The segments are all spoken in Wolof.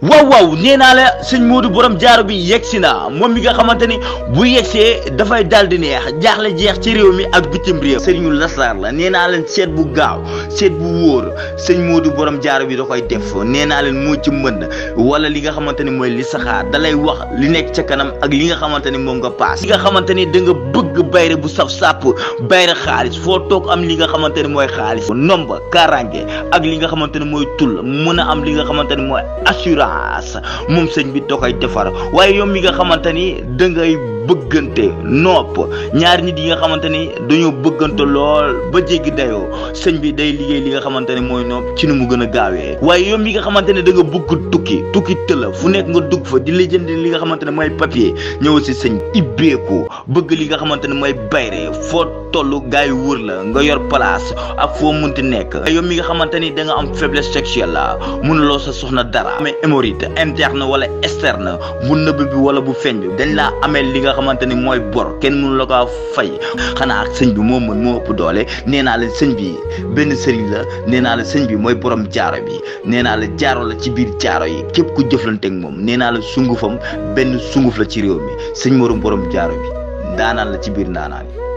waaw waaw nee naa la sëñ Modou borom jaaro bi yegg si na moom li nga xamante ni bu yegsee dafay daal di neex jaaxle jeex ci réew mi ak bitim réew sëriñu lasaar la nee naa leen seet bu gaaw seet bu wóor sëñ Modou borom jaaro bi da koy def nee naa leen moo ci mën wala li nga xamante ni mooy li saxaar da lay wax li nekk ca kanam ak li nga xamante ni moom nga paas li nga xamante ni da nga bëgg bayre bu saf sàpp bayre xaalis foo am li nga xamante ni mooy xaalis nomba karange ak li nga xamante ni mooy tul mën a am li nga xamante ni mooy assurance baas moom sëñ bi da ay defar waaye yow mi nga xamante ni dangay bëggante nopp ñaari nit yi nga xamante ni dañoo bëggante lool ba jéggi dayoo sëñ bi day liggéey li nga xamante ne mooy nopp ci nu mu gën a gaawee waaye yow mi nga xamante ne da nga bëgg tukki tukki tëla fu nekk nga dugg fa di la jënd li nga xamante ne mooy papier ñëw si sëñ ibbeeku bëgg li nga xamante ne mooy bayre foo tollu gaay yi wër nga yor place ak foo ti nekk yow mi nga xamante ni da nga am faiblesse sexuelle la mënuloo sa soxna dara amee hémorroïde interne wala externe bu nëbb bi wala bu xamante ni mooy bor kenn mënu la kaa fay xanaa ak sëñ bi moom mën moo ëpp doole nee naa la sëñ bi benn sëriñ la nee naa la sëñ bi mooy borom jaaro bi nee naa la jaaro la ci biir jaaro yi képp ku jëflanteeg moom nee naa la sungufam benn sunguf la ci réew mi sëñ morom borom jaaro bi ndaanaan la ci biir ndaanaan yi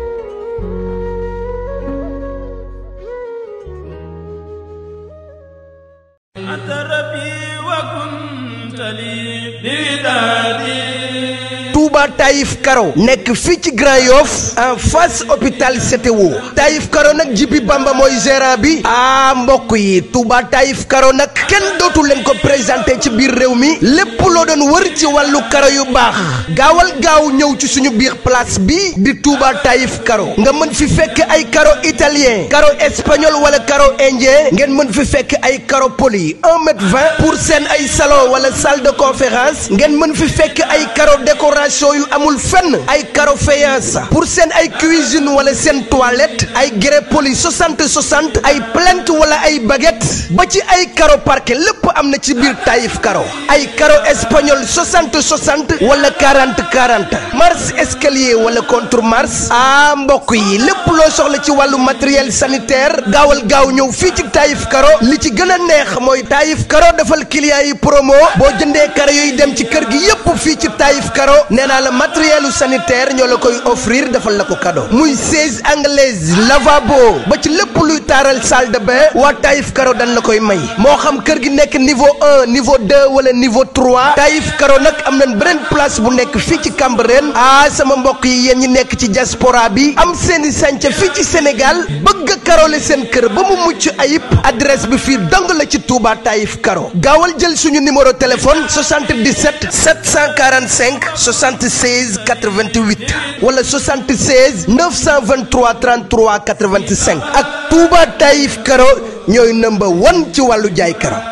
टाइफ करो ने nekk ci Grand Yoff en face hôpital CTO Taïf Karo nag Jibi Bamba mooy gérant bi ah mbokk yi Touba Taïf Karo nag kenn dootu leen ko présenté ci biir réew mi lépp loo doon wër ci wàllu karo yu baax gaawal gaaw ñëw ci suñu biir place bi di Touba Taïf Karo nga mën fi fekk ay karo italien karo espagnol wala karo indien ngeen mën fi fekk ay karo poli 1 mètre pour seen ay salon wala salde de ngeen mën fi fekk ay karo décoration yu amul fenn ay carofeyeuse pour seen ay cuisine wala seen toilette ay grès poli 60 60 ay plinthe wala ay baguette ba ci ay caro parquet lépp am na ci biir Taïf Caro ay caro espagnol 60 wala 40 40 marche escalier wala contre marche ah mbokk yi lépp loo soxla ci wàllu matériel sanitaire gaawal gaaw ñëw fii ci Taïf Caro li ci gën a neex mooy Taïf Caro defal clients yi promo boo jëndee caro yooyu dem ci kër gi yépp fii ci Taïf Caro nee naa la matérielu sanitaire. Air ñoo la koy offrir defal la ko cadeau muy 16 anglaise lavabo ba ci lépp luy taaral salle de bain waa Taïf Karo dañ la koy may moo xam kër gi nekk niveau niveau 2 wala niveau trois Taïf Karo nag am nañ beneen place bu nekk fii ci Cambérène ah sama mbokk yi yéen ñi nekk ci diaspora bi am seeni sànca fii ci Sénégal bëgg a karole seen kër ba mu mucc ayib adresse bi fii dong la ci Touba Taïf Karo gaawal jël suñu numéro téléphone 77 745 76 88. 88 wala 76 923 33 85 ak Touba Taïf Karo ñooy number one ci wàllu jaay karo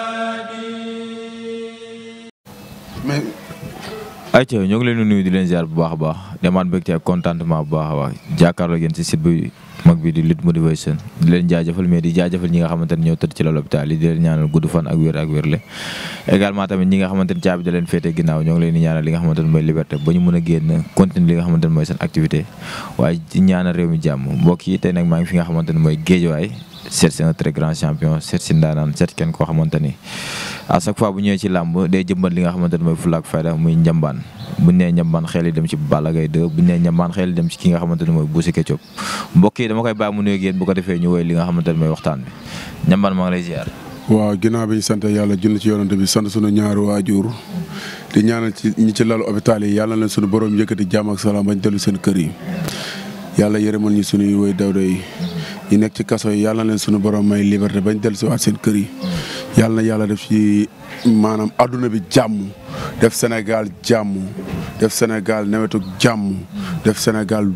ayca ñoo ngi leen di di leen ziar bu baax a baax demaat mbégte ak contentement bu baax a baax jàkkaarloo ngeen si site bi mag bi di Lutte Motivation di leen jaajëfal mais di jaajëfal ñi nga xamante ñoo tëdd ci loolu hôpital yi di leen ñaanal gudd fan ak wér ak wér le également tamit ñi nga xamante caabi da leen féete ginnaaw ñoo ngi leen ñaanal li nga xamante mooy liberté ba ñu mën a génn continuer li nga xamante mooy seen activité waaye seet si un très grand champion seet si ndaanaan seet kenn koo xamante ni à chaque bu ñëwee ci làmb day jëmbat li nga xamante ni mooy fulla ak fayda muy njambaan buñ nee njambaan xel yi dem ci Balla Gaye 2 buñ nee njambaan mooy Boucher Ketchup mbokk yi dama koy bàyyi mu nuyoog yéen bu ko defee ñu woy li nga xamante ni mooy waxtaan bi njambaan maa ngi lay ziar. waaw ginnaaw bi ñu sant yàlla junn ci yoonante bi sant sunu ñaari waajur di ñaanal ci ñi ci lalu hôpital yi yàlla leen sunu borom yëkkati jàmm ak salaam bañ dellu seen kër yi yàlla yërëmal ñu sunuy ñi nekk ci kaso yi yàlla na leen suñu borom may liberté bañ dellu si waat seen kër yi. yàlla na yàlla def ci maanaam adduna bi jàmm def Sénégal jàmm def Sénégal nawetu jàmm def Sénégal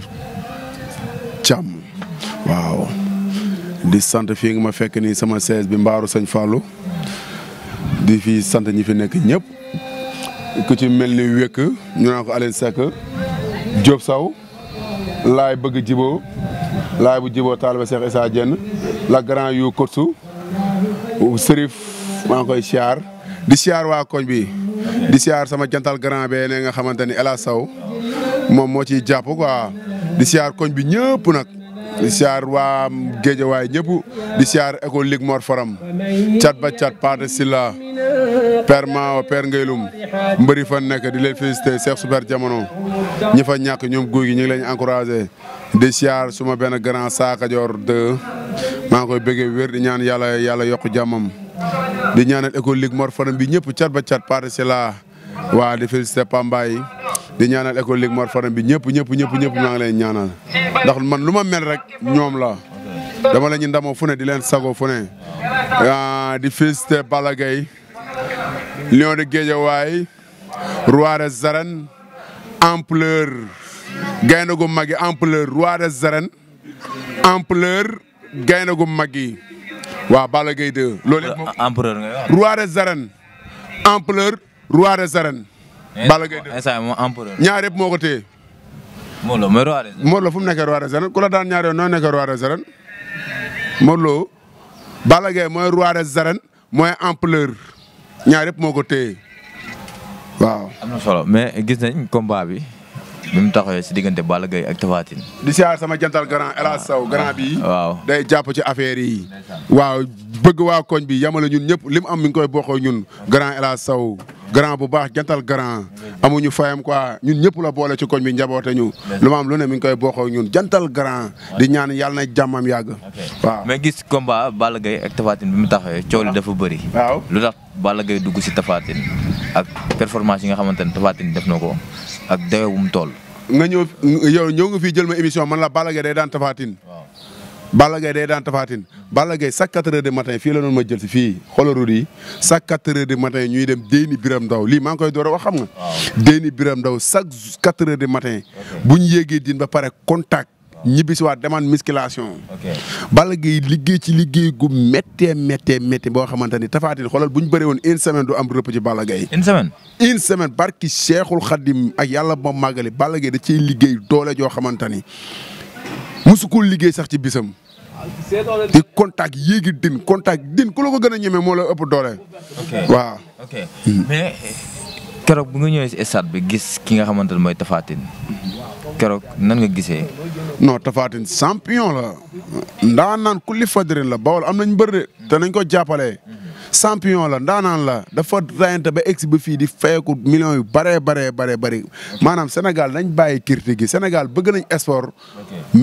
jàmm waaw. di sant fii nga ma fekk nii sama sees bi mbaaru sañ Fallou di fi sant ñi fi nekk ñëpp ku ci mel ni wékk ñu naan ko Alioune Seck Diop Sow laay bëgg jiboo laay bu jiboo taaliba Cheikh la grand yu kotsu sërif maa ngi koy siyaar di siyaar waa koñ bi di siyaar sama jantal grand be ne nga xamante ni El Hadj moom moo ciy jàpp quoi di siyaar koñ bi ñëpp nag di siyaar waa Géejawaay ñëpp di siyaar école Ligue Mor Forum cat ba cat Pate Silla père Mao père Ngaylum mbëri fan nekk di leen félicité Cheikh Super Jamono ñi fa ñàkk ñoom guy gi ñu ngi leen di siyaar suma benn grand saakajoor Dior maa ngi koy bëggee wér di ñaan yàlla yàlla yokk jàmmam di ñaan école ligue Mor Fadam bi ñëpp cat ba cat Pathé Sylla waa di félicité Pambaay di ñaanal école ligue Mor Fadam bi ñëpp ñëpp ñëpp ñëpp maa ngi leen ñaanal ndax man lu ma mel rek ñoom la dama la ñu ndamoo di leen sago fu ne di félicité Balla Gaye Lion de Guédiawaye Roi ampleur gaynde gu mag yi ampleur roi des arènes ampleur gaynde gu mag yi waaw Balla Gaye 2 loolu yëpp moom empereur nga wax. roi des arènes empereur roi des arènes. Balla Gaye ñaar yëpp moo ko téye. Modou Lo mooy roi des fu mu nekkee roi des ku la daan ñaar yoon noo nekkee roi des arènes Modou Lo Balla Gaye mooy roi des mooy empereur ñaar yëpp moo ko téye waaw. am na solo mais gis nañ combat bi. bi mu taxawee si diggante bala Gaye ak Tapha Tine. di siyaar sama jantal grand El saw Sow grand bi waaw day jàpp ci affaire yi. waaw bëgg waa koñ bi yamala ñun ñëpp li mu am mi ngi koy bokoo ñun grand El Hadj Sow grand bu baax jantal grand amuñu fayam quoi ñun ñëpp la boole ci koñ bi njaboote ñu lu ma am lu ne mi ngi koy bokkoo ñun jantal grand di ñaan yàlla na jàmmam yàgg waaw mais gis combat Balla Gaye ak Tapha bi mu taxawee coow li dafa bëri waaw lu tax Balla gay dugg si Tapha Tine ak performance yi nga xamante ne Tapha Tine def na ko ak dayo bu nga ñëw yow ñëw nga fii jël ma émission man la Balla Gaye day daan Tapha Balla Gaye day daan Tapha Tine Balla Gaye chaque quatre heures matin fii la noonu ma jël si fii xoolal route yi chaque quatre heures matin ñuy dem déeni Biram Ndaw lii maa ngi koy door a wax xam nga. déeni Biram Ndaw chaque quatre heures du matin. bu ñu yéegee din ba pare contact. ñibbi si waat demande musculation. Balla Gaye liggéey ci liggéey gu méttee méttee méttee boo xamante ni Tapha Tine xoolal bu ñu bëree woon une semaine du am rëpp ci Balla Gaye. une semaine. une semaine barki Cheikhul Khadim ak yàlla moom doole joo xamante ni. musu koo liggéey sax ci bisam. di kontak yéegi din contact din ku la ko gën a ñeme moo la ëpp doole. waaw. ok bu nga ñëwee si stade bi gis ki nga xamante ne mooy Tapha Tine keroog nan nga gise non Tapha Tine champion la. ndaa naan ku li fadrin la bawol am nañ mbër te nañ ko jàppale. champion la ndaanaan la dafa rayante ba egsi ba fii di fayeku millions yu bëree baree baree bëri maanaam Sénégal nañ bàyyi critique gi Sénégal bëgg nañ sport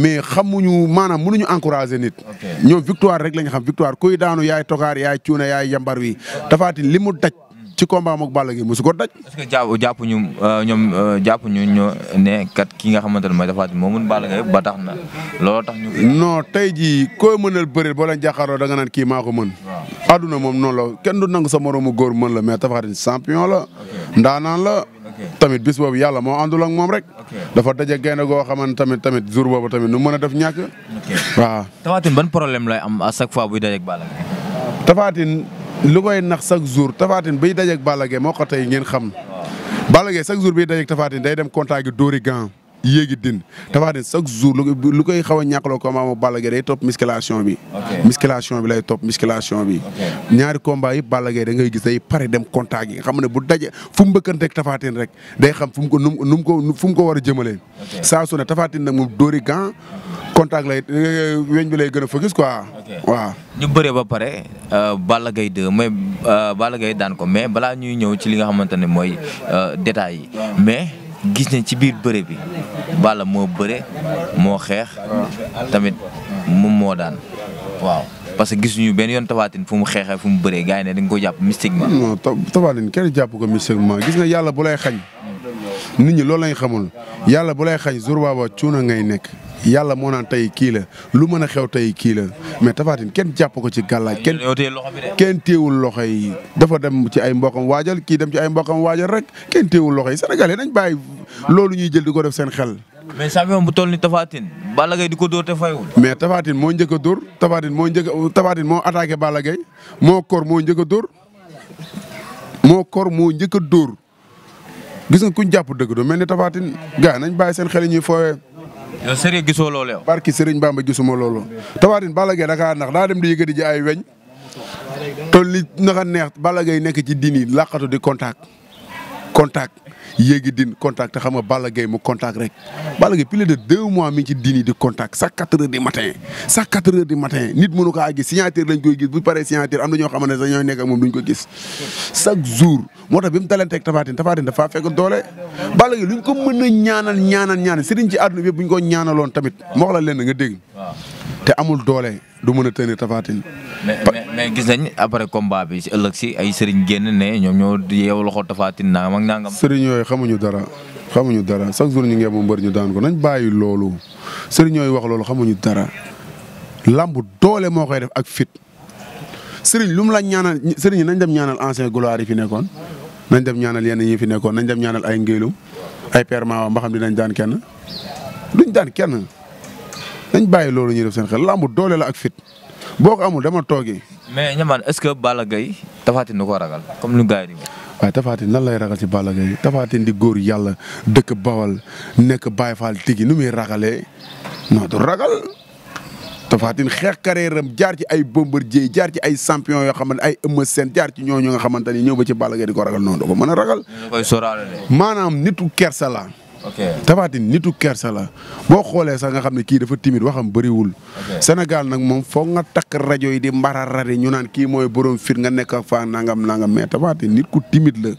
mais xamuñu maanaam mënuñu encourager nit ñoom victoire rek lañ xam victoire kuy daanu yaay tokaar yaay cuune yaay yambar wi dafaati li mu daj ci combat mook Balla Gaye ko daj. est que jàpp jàpp ñu euh, ñoom euh, jàpp ñu ñoo ne kat ki nga xamante ne mooy dafa at moomu ba tax na looloo tax ñu. non tey jii koo mënal bëre boo leen jàkkaarloo àdduna moom noonu la kenn du nangu sa moromu góor mën la mais Tapha Tine champion la ndaanaan la tamit bis boobu yàlla moo àndul ak moom rek dafa daje gaynde goo xamante tamit tamit jour boobu tamit nu mën a def ñàkk waaw Tapha ban problème lay am à chaque fois buy dajeeg Balla Gaye Tapha nax chaque jour Tapha Tine biy dajeeg Balla Gaye moo ko tey ngeen xam Balla Gaye chaque jour biy dajeeg Tapha Tine day dem contact gi yéegi din Tapha Tine chaque jour lu koy xaw a ñàkkaloo combat moom Balla Gaye day topp musculation bi. musculation bi lay topp musculation bi. ñaari combat yëpp Balla Gaye da ngay gis day pare dem contact yi nga xam ne bu daje fu mu bëkkanteeg Tapha Tine rek day xam fu mu ko nu mu ko fu mu ko war a jëmalee. saa su ne Tapha Tine nag moom dóori gan contact lay weñ bi lay gën a focus quoi. waaw. ñu bëree ba pare euh, Balla Gaye 2 mais euh, Balla Gaye daan ko mais balaa ñuy ñëw ci li nga xamante ne mooy euh, détails yi mais. gis nañ ci biir bëre bi Balla moo bëre moo xeex tamit moom moo daan waaw parce que gisuñu benn yoon tabaatin fu mu xeexee fu mu bëree gars yi ne dañ ko jàpp mystiquement. non tabaatin kenn jàpp ko mystiquement gis nga yàlla bu lay xañ nit ñi loolu lañ xamul yàlla bu lay xañ jour booba cuuna ngay nekk. yàlla moo naan tey kii la lu mën a xew tey kii la mais Tapha kenn jàpp ko ci gàllaaj kenn kenn téewul loxo yi dafa dem ci ay mbokam waajal kii dem ci ay mbokam waajal rek kenn téewul loxo yi Sénégal yi nañ bàyyi loolu ñuy jël di ko def seen xel. mais champion bu toll ni Tapha Tine Balla Gaye di ko dóor te fayul. mais Tapha moo njëkk a dóor Tapha moo njëkk a Tapha moo attaqué Balla moo kor moo njëkk a dóor kor moo njëkk a gis nga ku jàpp dëgg do mel ni Tapha Tine gars nañ bàyyi seen xel yi ñuy fooyee yow sérieux gisoo loolu yow. barki Serigne Bamba gisuma loolo Tafaatine Balla Gaye dakaa nax daa dem di yëkkati ji ay weñ. te li naka neex Balla Gaye nekk ci dini làqatu di contact. contact yéegi din contact te xam nga mu contact rek Balla Gaye plus de deux mois ci dini di contact chaque quatre heures du chaque quatre heures du matin nit mënu ko gis signature lañ koy gis bu paree signature am na ñoo xamante ne sax ñooy nekk ak moom duñ ko gis chaque jour moo tax bi mu dalanteeg Tapha Tine Tapha Tine doole Balla Gaye luñ ko mën a ñaanal ñaanal ñaanal sëriñ ci àdduna bi tamit moo la leen nga dégg te amul doole du mën a tenir Tapha Tine. mais mais gis nañ après combat bi si ëllëg si ay sëriñ génn ne ñoom ñoo yeewu loxo Tapha na nangam ak nangam. sëriñ xamuñu dara xamuñu dara chaque jour ñu ngi mu ñu daan ko nañ bàyyi loolu sëriñooy wax loolu xamuñu dara lamb doole moo koy def ak fit sëriñ lum mu la ñaanal sëriñ nañ dem ñaanal ancien gloire yi fi nekkoon nañ dem ñaanal yenn yi fi nekkoon nañ dem ñaanal ay ngéelu ay perma wa mba xam nañ daan kenn duñ daan kenn. nañ bàyyi loolu ñuy def seen xel lamb doole la ak fit boo ko amul dama toogee. mais ñamaan est-ce que Balla Gaye Tapha Tine du ko ragal comme lu gars yi di nan lay ragal ci Balla Gaye Tapha di góor yàlla dëkk bawal nekk Baye faal tigi nu muy ragalee non du ragal. Tapha Tine xeex carrière am jaar ci ay Bombardier jaar ci ay champion yoo xamante ay Eumeu seen jaar ci ñooñu nga xamante ni ñëw ba ci Balla Gaye di ko ragal noonu du ko mën a ragal. maanaam nitu kersa la Tapha Tine nitu kersa la boo xoolee sax nga xam ne kii dafa timide waxam bëriwul. Sénégal nag moom foog nga takk rajo yi di mbararari ñu naan kii mooy borom fit nga nekk ak faa nangam nangam mais Tapha Tine nit ku timide la.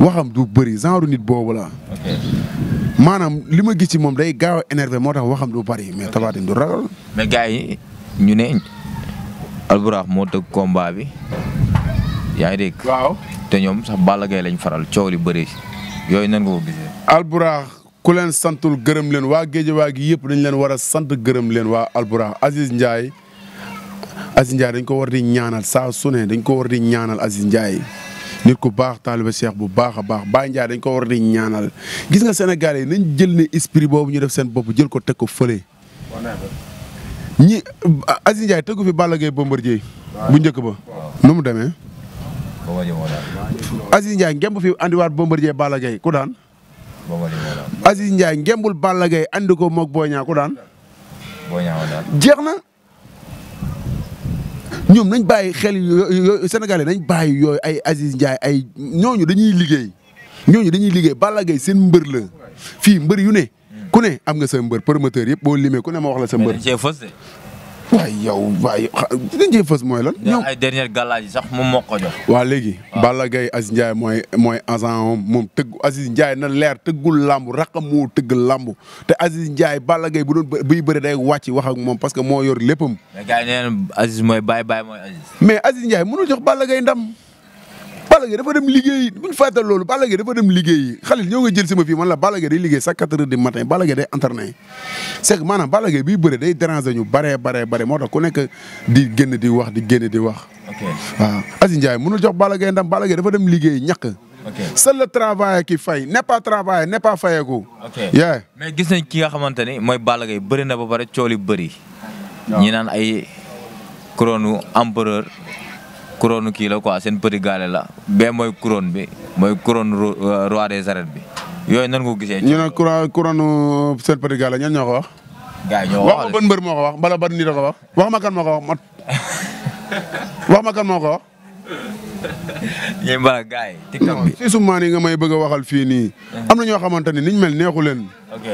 waxam du bari genre nit boobu la. maanaam li ma gis ci moom day gaaw a énervé moo tax waxam du bari mais Tapha Tine du ragal. yi ñu ne Alburax moo tëgg combat bi yaay ngi dégg. te ñoom sax Balla Gaye lañ faral coow li bari yooyu nan ko gisee. Alburax ku leen santul gërëm leen waa Géejawaay gi yëpp dañ leen war a sant gërëm leen waa Alburax Aziz Ndiaye Aziz Ndiaye dañ ko war di ñaanal saa su ne dañ ko war di ñaanal Aziz Ndiaye. nit ku baax taaliba cheikh bu baax a baax baax Ndiaye dañ ko war di ñaanal gis nga Sénégalais yi nañ jël ne esprit boobu ñu def seen bopp jël ko teg ko fële. ñi Aziz Ndiaye ko fi Balla Gaye Bombardier bu njëkk ba nu mu demee. Bombardier moo daan. ngemb fi andiwaat Bombardier Balla Gaye ku daan. Bombardier moo daan. ngembul Balla Gaye andi ko moog Boy Niang ku daan. Boy Niang moo daan. na ñoom nañ bàyyi xel yooyu Sénégalais nañ bàyyi yooyu ay Aziz Ndiaye ay ñooñu dañuy liggéey ñooñu dañuy liggéey Balla Gaye seen mbër la fii yu ne. ku ne am nga sa mbër promoteur yëpp boo limee ku ne ma wax la waaye yow waaye li nga fës mooy lan. ñoom ay dernier galaaj sax moom moo ko jox. waaw léegi. waaw Balla Gaye Aziz Ndiaye mooy mooy agent moom tëgg Aziz Ndiaye na leer tëggul làmb raqam mu tëgg lamb te Aziz Ndiaye bala Gaye bu doon buy bëri day wàcc wax ak moom parce que moo yor léppam. mais gars yi nee nañ Aziz mooy baay baay mooy ndam. Balla Gaye dafa dem liggéeyi bu ñu loolu Balla Gaye dafa dem liggéey xalil ñoo nga jël si ma fii man la Balla Gaye day liggéey chaque quatre heures du matin Balla Gaye day entraîné c'est que maanaam Balla Gaye day déranger ñu baree bare moo tax ku di génn di wax di génn di wax waaw Aziz Ndiaye mënul jox Balla Gaye ndam Balla Gaye dafa dem liggéey ñàkk ok seul le fay qui faye n'est pas travail n'est pas mais gis nañ ki nga xamante ni mooy Balla Gaye na ba pare cool yu bëri. ñi naan ay couronne kuron ki la quoi seen petit gaale la bee moy kuron bi moy kuron roi des arènes bi yoy nan ko gisee. ñu ne kuron kuron sen petit gaale ñan ñoko wax. gaay ñoo wax ban mbeur moko wax bala ban ni da ko wax wax ma kan moko wax mat wax ma kan moko wax. ñooy ba gaay tiktok bi sisu sumaan nga may bëgg waxal fi ni amna ño ñoo niñ mel neexu len ok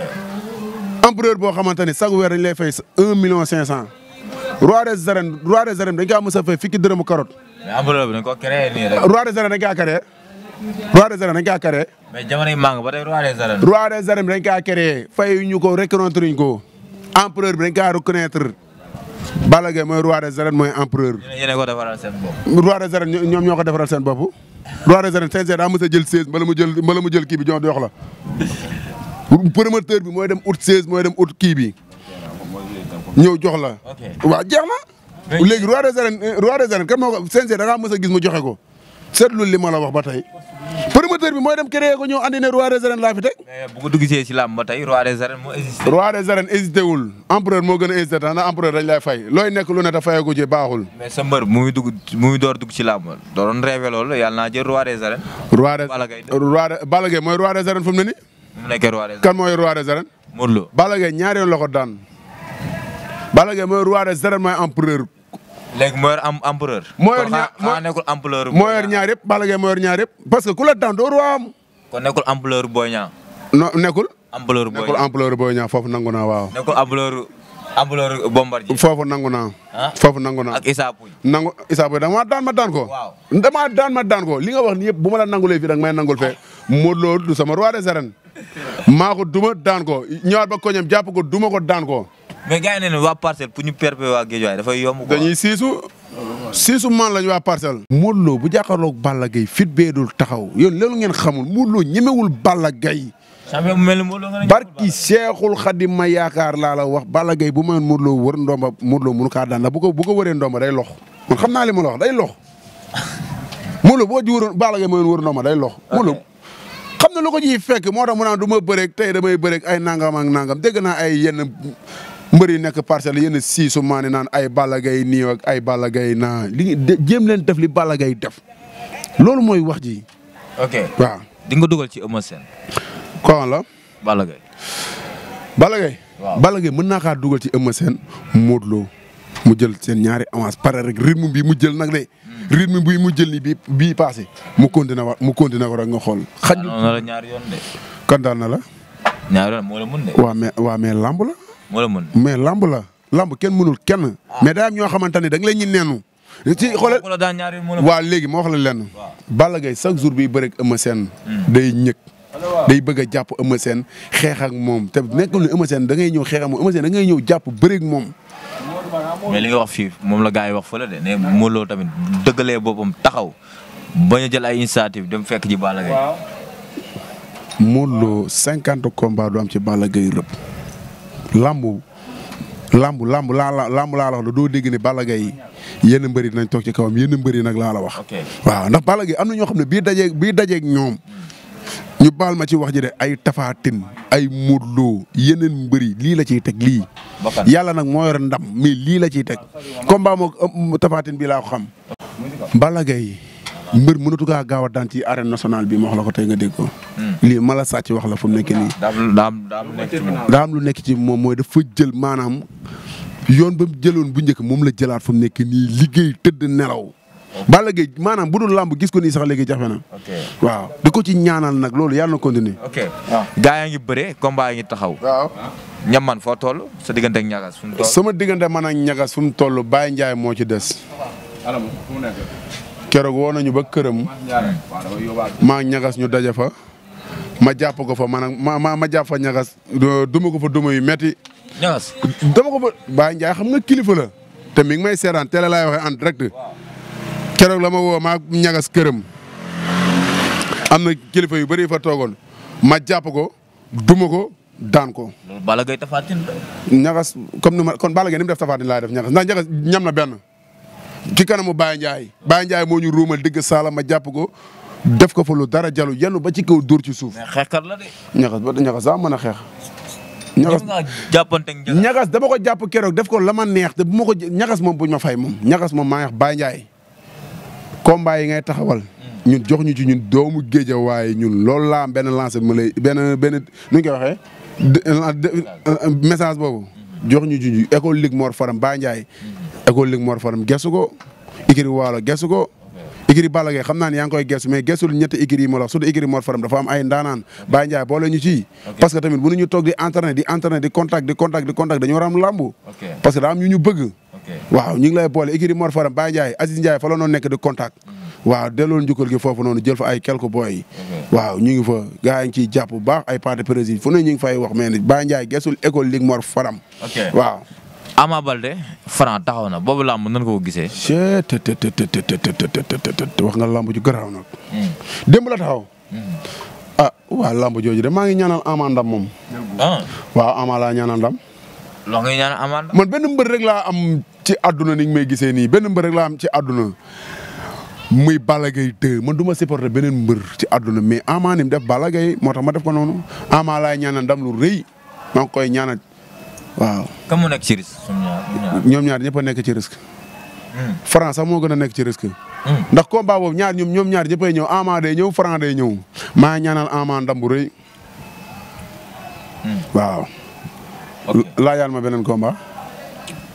empereur bo xamante sag chaque dañ lay fay un million cinq roi des arènes roi des arènes dañ ka mësa fay fikki deureum carotte. mais empereur bi dañ ko créé nii rek. roi des arènes dañ kaa créé. roi des arènes dañ kaa créé. mais jamono ba tey roi des arènes. roi fay ñu ko reconnaître ñu ko empereur mooy roi des arènes mooy empereur. yéen ko defaral seen ñoo ko defaral seen bopp. roi des arènes CNG daa mës a jël 16 mbala mu jël mbala mu jël kii bi jox bi mooy dem ut 16 mooy dem ut kii bi. ñëw jox la. waaw jeex na. léegi roi des arènes eh, roi des arènes kan moo joxe ko seetlu li ma la wax ba tey bi mooy dem créé ko ñëw andi ne roi des arènes laa fi teg. bu moo hésité. roi des arènes a hésité tax na empereur dañ lay fay looy nekk lu dugg mu muy door dugg ci làmb doon rêvé loolu yàlla naa jël roi des arènes. roi des roi mooy roi des arènes ne nii. mu mooy roi des arènes. Modou yoon la ko daan. Balla Gaye mooy roi des mooy empereur léegi moo yor am empereur. moo yor ñaar kon xanaa nekkul empereur. moo yor ñaar yëpp Balla Gaye moo yor ñaar yëpp parce que ku la daan am. kon nekkul empereur Boy Niang. non nekkul. empereur Boy Niang nekkul empereur Boy Niang foofu nangu naa waaw. nekkul empereur empereur Bombardier. foofu nangu naa. foofu ak Issa Pouye. nangu Issa Pouye damaa daan ma daan ko. waaw damaa daan ma daan ko li nga wax ni yëpp bu ma la nangulee fii rek may nangul fe, Modou Lo du sama roi des arènes. maa duma daan ko ñëwaat ba koñam jàpp ko duma ko daan ko mais gars yi ne ne waa parcelle pour ñu perpé waa Guédiawaye dafay dafa quoi. dañuy siisu. siisu man lañu waa parcelle. Modou bu jàkkaarloog Balla Gaye fit beedul taxaw yow loolu ngeen xamul Modou Lo ñemewul Balla Gaye. mel ni Modou Lo nga barki Seexul Xadim ma yaakaar laa la wax Balla Gaye bu ma Modou Lo wër ndomba Modou Lo mënu kaa daan ndax bu ko bu ko day lox man xam naa li ma la wax day lox Modou boo ji wëroon Balla Gaye ma wër ndomba day lox Modou Lo na lu ko ji fekk moo tax mu a du ma bëreeg tey damay bëreeg ay nangam ak nangam dégg naa ay yenn mbër yi nekk parcelle yenn sii maa naan ay Balla Gaye nii ay Balla Gaye naa li jéem leen def li Balla Gaye def loolu mooy wax ji. ok waaw nga dugal ci Eumeu Sène. comment la. Balla Gaye. mën na xaa dugal ci Eumeu Sène Modou Lo mu jël seen ñaari avance pare rek rythme bi mu jël nag de. Hmm. rythme bi mu jël nii bii bii mu continué wa mu continué war rek nga xool. xajul ah, na ñaari yoon de. kan daan na la. waa mais lamb la. moo la mais lamb la lamb kenn mënul kenn. Ah. mais day am ñoo xamante ne da nga leen ñu neenu. ci ah, xoolal waaw léegi ma wax la lenn. waaw Balla Gaye chaque jour biy bëreeg Eumeu Sène. Hmm. day ñëkk. day bëgg a jàpp Eumeu Sène xeex ak moom te nekkul ne Eumeu Sène da ngay ñëw xeex ak moom da ngay ñëw jàpp bëreeg moom. mais li nga wax fii moom la gaa yi wax fële de ne Modou Lo tamit dëggalee boppam taxaw bañ a jël ay initiative dem fekk ji Balla Gaye. Modou Lo cinquante combats du am ci Balla Gaye rëpp. làmb lambu làmb laa la làmb laa la doo dégg ne Balla Gaye yenn mbëri dinañ toog ci kawam yenn mbëri nag laa wax. waaw ndax Balla am na ñoo xam ne bii dajeeg bii dajeeg ñoom. ñu baal ma ci wax ji de ay tafaatin ay modloo yeneen mbëri lii la ciy teg lii. yàlla nag moo yor ndam mais lii la ciy teg. combat moo tafaatin bi laa ko xam. Balla mbër mënatu kaa gaaw a daan ci arène nationale bi ma wax la ko tey nga dégg ko. Hmm. lii mala sàcc wax la fu mu nekk nii. daa am lu nekk ci moom mooy dafa jël maanaam yoon ba mu bu njëkk moom la jëlaat fu mu nekk nii liggéey tëdd nelaw. Balla Gaye maanaam bu dul làmb gis ko nii sax léegi jafe na. waaw di ko ci ñaanal nag loolu yàlla na continuer. ok waaw ah. gaa yaa ngi bëre combat yi ngi taxaw. waaw ñam man foo toll sa diggante ak ñagas fu sama diggante man ak ñagas fu mu toll Baye Ndiaye moo ci des. keroog woo nañu ba këram maa ñagas ñu daje ma jàpp ko fa man ma ma fa ñagas duma ko fa duma yu metti ñagas dama fa Baye Ndiaye xam nga kilifa la te mi ngi may seetaan télé laay waxee en direct keroog la ma woo maa ñagas këram am na kilifa yu bëri fa toogoon ma jàpp ko duma ko daan ko. Balla Gaye Tapha Tine ñagas comme ni ma kon Balla Gaye def Tapha Tine def ñagas ndax ñagas ñam na benn. ci kanamu baa Ndiaye Baye Ndiaye moo ñu ruumal digg saala ma jàpp ko def ko fa lu dara jalu yenn ba ci kaw dóor ci suuf. mais xeexkat la de. ñaxas ba mën a xeex. ñaxas ñaxas dama ko jàpp keroog def ko la ma neex te bu ma ko ñaxas moom buñ ma fay moom ñaxas moom maa baa wax Baye yi ngay taxawal. Hmm. ñun jox ñu ci ñun doomu géej waaye ñun loolu laa am benn lancé ma lay benn benn nu ñu koy waxee. Euh, euh, message boobu. Hmm. jox ñu ci école Ligue Mor Faram Baye Ndiaye hmm. école lig Mor Fadam gesu ko ikiri waalo gesu ko ikiri Balla Gaye xam naa ne gesu mais gesul ñetti ikiri yi ma wax surtout ikiri dafa am ay ndaanaan Baye Ndiaye boole ñu ci parce que tamit mënuñu toog di entraîner di entraîner di contact di contact di dañu war a am parce que daa am ñu ñu bëgg waaw ñu ngi lay boole ikiri Mor Fadam Baye Ndiaye Aziz Ndiaye fa la noonu nekk di contact mm. waaw delloo njukkal gi foofu noonu jël fa ay quelques boy yi waaw ñu ngi fa gars yi ngi jàpp bu baax ay parti président fu ne ñu ngi fay wax mais Baye Ndiaye gesul waaw Ama Balde Franc taxaw na boobu làmb ko gisee. je te te te te wax nga làmb ju garaaw a hmm. démb la hmm. ah, jooju de maa ngi ñaanal Ama ndam moom. Ah. waaw Ama laa ñaanal ndam. loo ngay ñaanal benn mbër rek laa am ci àdduna ni may gisee nii benn mbër rek laa am ci àdduna. muy Balla Gaye 2 man du mbër ci àdduna mais Ama ni def Balla Gaye ma def ko noonu Ama laay ñaanal ndam lu rëy maa ngi koy waaw. kan mu nekk ci ñoom ñaar ñëpp a nekk ci risque. Hmm. Franc moo gën a nekk ci risque. Hmm. ndax combat ñaar ñoom ñoom ñaar ñëppay ñëw Ama day ñëw Franc day ñëw maa ñaanal Ama ndam bu rëy. Hmm. waaw. ma beneen combat.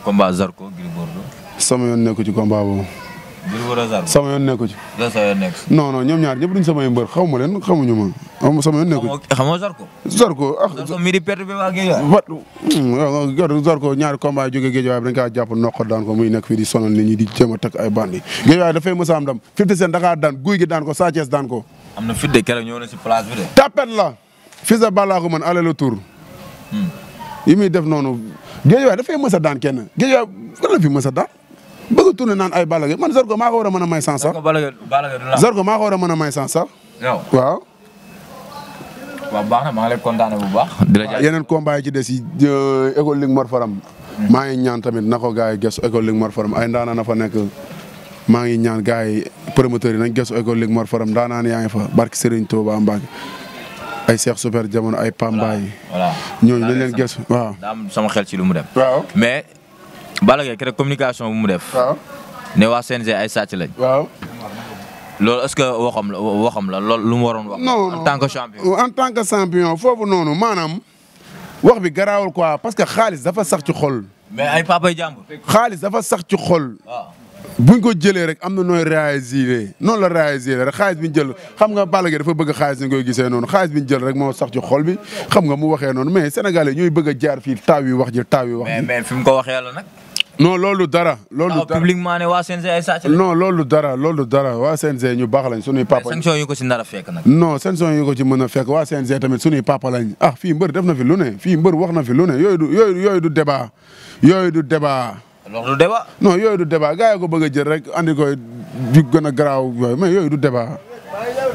combat Zarko yoon nekku ci combat sama yoon nekku ci. non non ñoom ñaar ñëpp duñ samay mbër xaw ma leen xamuñu ma xaw sama yoon nekku ci. xamoo Zarko. Zarko ah. Zarko mi di perte bi waa Guédiawaye. Hmm, Zarko ñaari combat yi jógee Guédiawaye dañ kaa jàpp noq daan ko muy nekk fii di sonal nit ñi di jéem a takk ay bandi. Guédiawaye dafay mës a am ndam Fifty Cent Dakar daan guy gi daan ko Sa Thiès daan ko. am na fit de keroog ñëw na si place bi de. tapet la. fils de Balla ko man aller le tour. Hmm. yi muy def noonu Guédiawaye dafay mës a daan kenn Guédiawaye lan la fi mës a daan bëgg a naan ay Balla Gaye man Zarko maa ko war a mën a may sans sax. Zarko maa ko war a mën a may sans sax. maa ngi lay bu baax. di yeneen combat yi ci des yi euh, école Ligue Faram. Hmm. maa ngi ñaan tamit na ko yi gëstu école Ligue Mor Faram ay na fa nekk maa ngi ñaan gars yi promoteurs yi nañ gëstu école Ligue Mor Faram ndaanaan yaa ngi fa barke Serigne Touba Mbacke ay Cheikh Super jamono ay Pambaay. voilà leen gëstu sama xel ci lu mu dem. Balla Gaye keroog communication bu mu def. ne waa CNG ay sàcc lañ. waaw. loolu est-ce que la waxam la loolu lu mu waroon wax. en tant que champion tant que champion foofu noonu maanaam. wax bi garaawal quoi parce que xaalis dafa sax ci xol. mais ay papay jàmbur. xaalis dafa sax ci xol. Ah. buñ ko jëlee rek am na nooy réagir noonu la rek xaalis bi ñu jël xam nga Balla Gaye dafa bëgg xaalis ni koy noonu xaalis bi ñu jël rek moo sax ci xol bi xam nga mu waxee noonu mais Sénégalais ñooy bëgg jaar fii taaw yi wax ji taaw yi wax ji. mais mais fi mu ko waxee la nag. non loolu dara. loolu dara publiquement ne waa CNG ay sàcc non loolu dara loolu dara waa CNG ñu baax lañ sunuy papa. sanction yu ko ci nar fekk nag. non sanction ko ci mën a fekk waa CNG tamit sunuy papa lañ ah fii mbër def na fi lu ne fii mbër wax na fi lu ne yooyu du yooyu yooyu du débat yooyu du débat. loolu du du débat gars ko bëgg a jël rek andi koy ju gën a garaaw yooyu mais du deba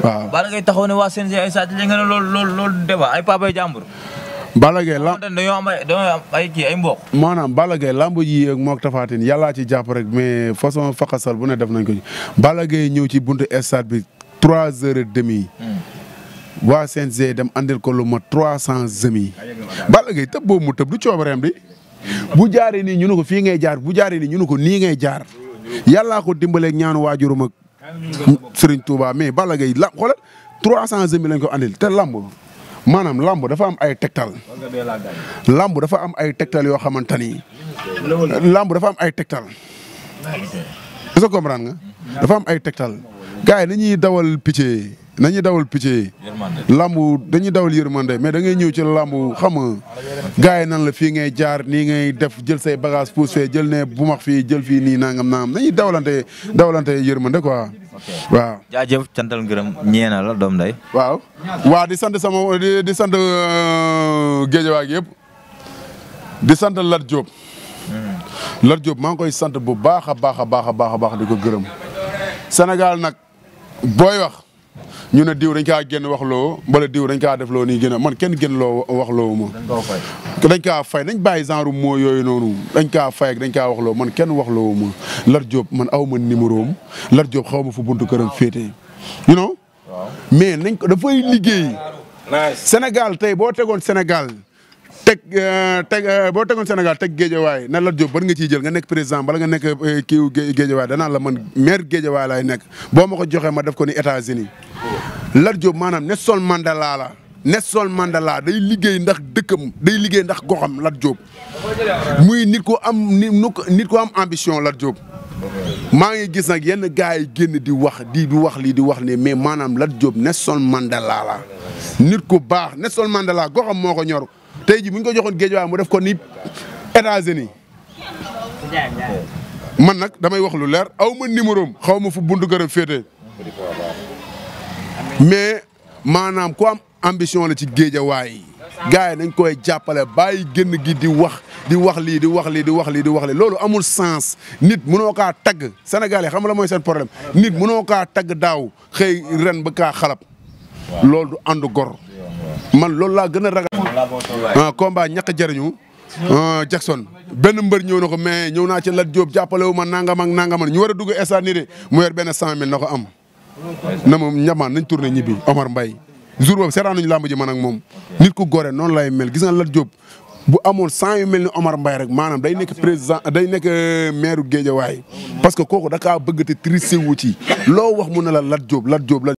waaw. bala ngay taxaw ne waa CNG ay sàcc li nga ne loolu loolu loolu du ay papa yu jàmbur. Balla Gaye la dañoo am ay dañoo maanaam Balla Gaye lamb ji ak mook Tapha Tine ci jàpp rek mais façon faxasal bu ne def nañ ko ci Balla ñëw ci buntu stade bi trois heures et demi. Hmm. waa CNG dem andil ko lu ma trois cent demi. Balla Gaye boobu mu tëb du coobareem di bu jaaree nii ñu ne ko fii ngay jaar bu jaaree nii ñu ne ko nii ngay jaar yàllaa ko dimbaleeg ñaanu waajurum ak Serigne Touba mais Balla Gaye la xoolal trois cent demi lañ ko andil te lamb. maanaam lamb dafa am ay tegtal. lamb dafa am ay tegtal yoo xamante ni. lamb dafa am ay tegtal. est-ce que nga. dafa am ay tegtal. gars yi nañuy dawal picc nañuy dawal picc lambu dañuy dawal yërmande mais da ngay ñëw ci lambu xam nga gars yi nan la fii ngay jaar nii ngay def jël say bagage pousse fee jël ne bu max fii jël fii nii nangam nangam nañuy dawalante dawalante yërmande quoi. waa jaajëf cantal gërëm ñeena la doom day waaw waa di sant sama di sant euh, géejawaay gi yëpp di sant Lat Diop hmm. Lat Diop maa ngi koy sant bu baax a baax a baax a baax a baax di ko gërëm Sénégal nag booy wax ñu ne diw dañ kaa génn wax loo wala diw dañ kaa def loo nii gën man kenn gën loo wax loo ma. dañ kaa fay dañ bàyyi genre moo yooyu noonu dañ kaa fay ak dañ kaa wax man kenn wax loo ma Lat Diop man aw ma numéro am Lat Diop xaw ma fu buntu këram féete. you mais nañ ko dafay liggéey. Sénégal tey boo tegoon Sénégal. teg euh, teg euh, boo tegoon Sénégal teg géejawaay na Lat Diop ban nga ciy jël nga nekk président bala nga nekk euh, kiiw géejawaay danaa la man maire géejawaay laay nekk boo ma ko joxe ma def ko ni États-Unis Lat Diop maanaam Nelson Mandela la Nelson Mandela day liggéey ndax dëkkam day liggéey ndax goxam Lat Diop muy nit ko am nit ku am ambition Lat Diop maa ngi gis nag yenn gars yi génn di wax di di wax lii di wax ni mais maanaam Lat Diop Nelson Mandela la nit ku baax Nelson Mandela goxam moo ko ñor tey ji bu ñu ko joxoon géej mu def ko ni États-Unis man nag damay wax lu leer aw ma numéro am xaw ma fu buntu këram féete mais maanaam ku am ambition la ci géejawaay gars yi nañ koy jàppale bàyyi génn gi di wax di wax lii di wax lii di wax lii di wax lii loolu amul sens nit mënoo kaa tagg sénégalais xam la mooy seen problème nit mënoo kaa tagg daaw xëy ren ba kaa xalab loolu du ànd gor man loolu laa gën a ragal. Ah, combat ñàkk jariñu ah, Jackson benn mbër ñëw na ko mais ñëw naa ci Lat Diop jàppale wu ma nangam ak nangam ñu war a dugg instant nii de mu yor benn cent mille na ko am. na ma ñamaan nañ tourné ñibbi Omar mbay jour boobu seraan nañu làmb ji man ak moom nit ku gore noonu lay mel gis nga Lat Diop bu amoon cent yu mel ni Omar mbay rek maanaam day nekk président day nekk euh, maire Guédiawaye parce que kooku da kaa bëgg te tricé wu ci loo wax mu ne la Lat Diop Lat Diop.